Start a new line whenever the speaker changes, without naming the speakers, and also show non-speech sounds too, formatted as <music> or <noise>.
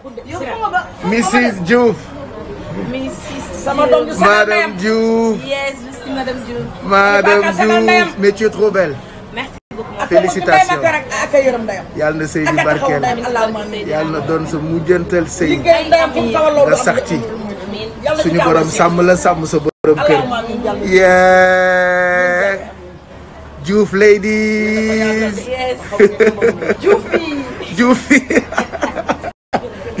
Mrs Diouf. Mrs Madame Diouf. yes Madame Diouf.
Madame Diouf mais tu es trop sa mujjantal sëy. nga sax
suñu borom sàmm
la sàmm sa borom kër.
yee. Diouf ladies. <laughs> Diouf.